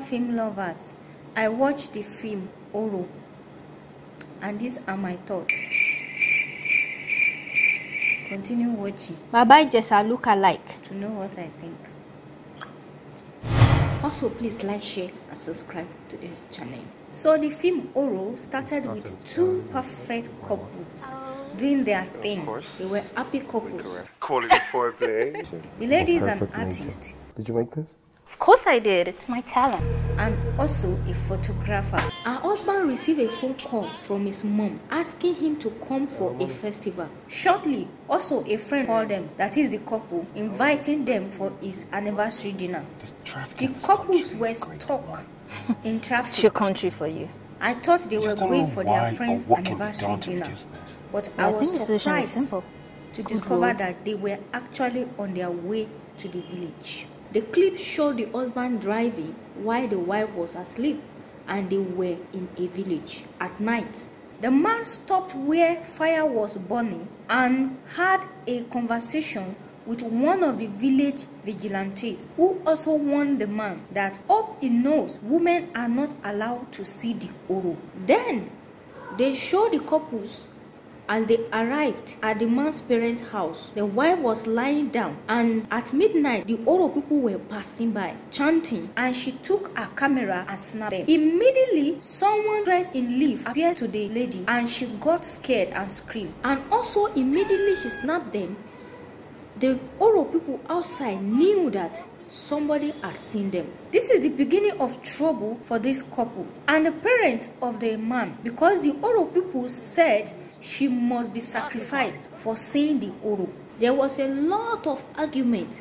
film lovers, I watched the film Oro, and these are my thoughts. Continue watching. Bye bye, Ijesa look alike. To know what I think. Also, please like, share, and subscribe to this channel. So the film Oro started with two um, perfect couples doing their thing. They were happy couples. Quality foreplay. the lady is an artist. Did you make this? Of course I did. It's my talent. And also a photographer. Our husband received a phone call from his mom asking him to come for a festival. Shortly, also a friend called them, that is the couple, inviting them for his anniversary dinner. The couples were stuck in traffic. your country for you. I thought they were going for their friend's anniversary dinner, but I, was surprised to discover that they were actually on their way to the village. The clip showed the husband driving while the wife was asleep and they were in a village at night. The man stopped where fire was burning and had a conversation with one of the village vigilantes who also warned the man that up in knows women are not allowed to see the oro. Then they show the couples As they arrived at the man's parents' house, the wife was lying down, and at midnight, the Oro people were passing by, chanting, and she took her camera and snapped them. Immediately, someone dressed in leaf appeared to the lady, and she got scared and screamed. And also, immediately, she snapped them. The Oro people outside knew that somebody had seen them. This is the beginning of trouble for this couple and the parents of the man because the Oro people said she must be sacrificed for seeing the Oro. There was a lot of argument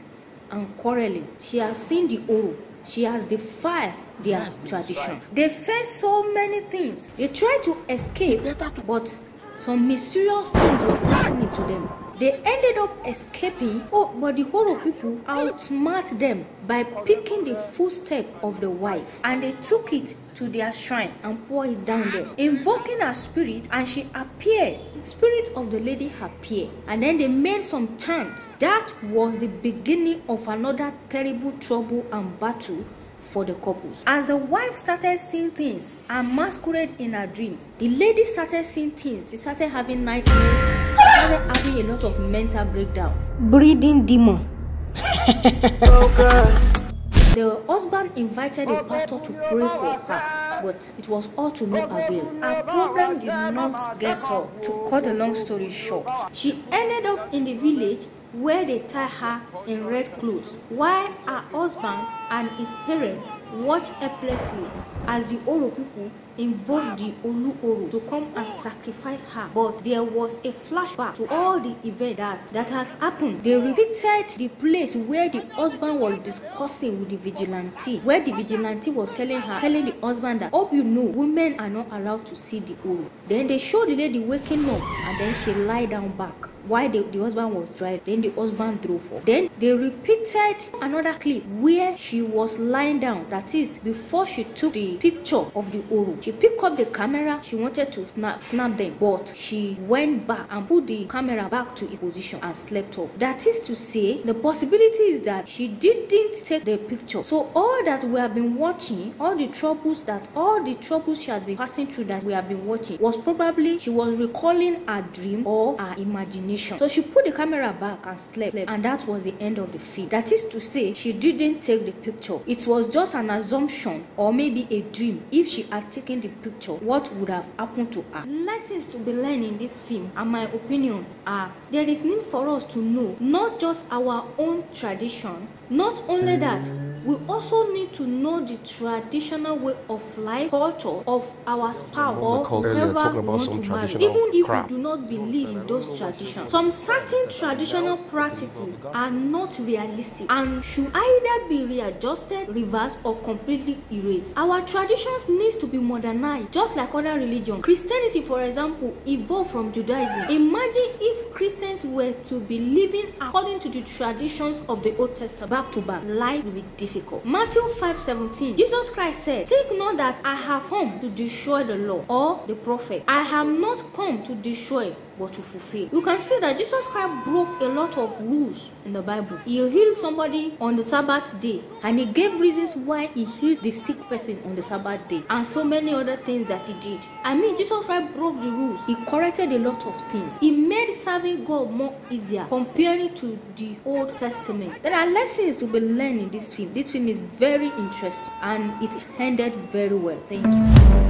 and quarreling. She has seen the Oro. She has defied their yes, tradition. Right. They faced so many things. They tried to escape, but Some mysterious things were happening to them. They ended up escaping, oh, but the Horo people outsmart them by picking the footstep of the wife and they took it to their shrine and pour it down there, invoking her spirit and she appeared. spirit of the lady appeared and then they made some chants. That was the beginning of another terrible trouble and battle for the couples. As the wife started seeing things and masquerade in her dreams, the lady started seeing things. She started having nightmares. She started having a lot of mental breakdown. Breathing demon. the husband invited a pastor to pray for her, but it was all to no avail. Her problem did not get solved. To cut the long story short, she ended up in the village where they tie her in red clothes, while her husband and his parents watch helplessly as the Oro people invoked the Olu Oro to come and sacrifice her. But there was a flashback to all the events that, that has happened. They repeated the place where the husband was discussing with the vigilante, where the vigilante was telling her, telling the husband that, hope you know, women are not allowed to see the Oro. Then they showed the lady waking up and then she lie down back while the, the husband was driving then the husband drove off then they repeated another clip where she was lying down that That is, before she took the picture of the Oru, she picked up the camera. She wanted to snap, snap them, but she went back and put the camera back to its position and slept off. That is to say, the possibility is that she didn't take the picture. So all that we have been watching, all the troubles that all the troubles she has been passing through that we have been watching was probably she was recalling her dream or her imagination. So she put the camera back and slept, slept and that was the end of the film. That is to say, she didn't take the picture. It was just an assumption or maybe a dream if she had taken the picture what would have happened to her. lessons to be learned in this film and my opinion are there is need for us to know not just our own tradition not only that we also need to know the traditional way of life, culture of our spouse or whoever marry. Even if crap. we do not believe in those traditions, some certain traditional practices are not realistic and should either be readjusted, reversed, or completely erased. Our traditions needs to be modernized, just like other religions. Christianity, for example, evolved from Judaism. Imagine if Christians were to be living according to the traditions of the Old Testament back to back. Life would be different. difficult. Matthew 5:17. Jesus Christ said, Take note that I have come to destroy the law or the prophet. I have not come to destroy but to fulfill. You can see that Jesus Christ broke a lot of rules in the Bible. He healed somebody on the Sabbath day and he gave reasons why he healed the sick person on the Sabbath day and so many other things that he did. I mean, Jesus Christ broke the rules. He corrected a lot of things. He made serving God more easier comparing to the Old Testament. There are lessons to be learned in this film. This film is very interesting and it ended very well. Thank you.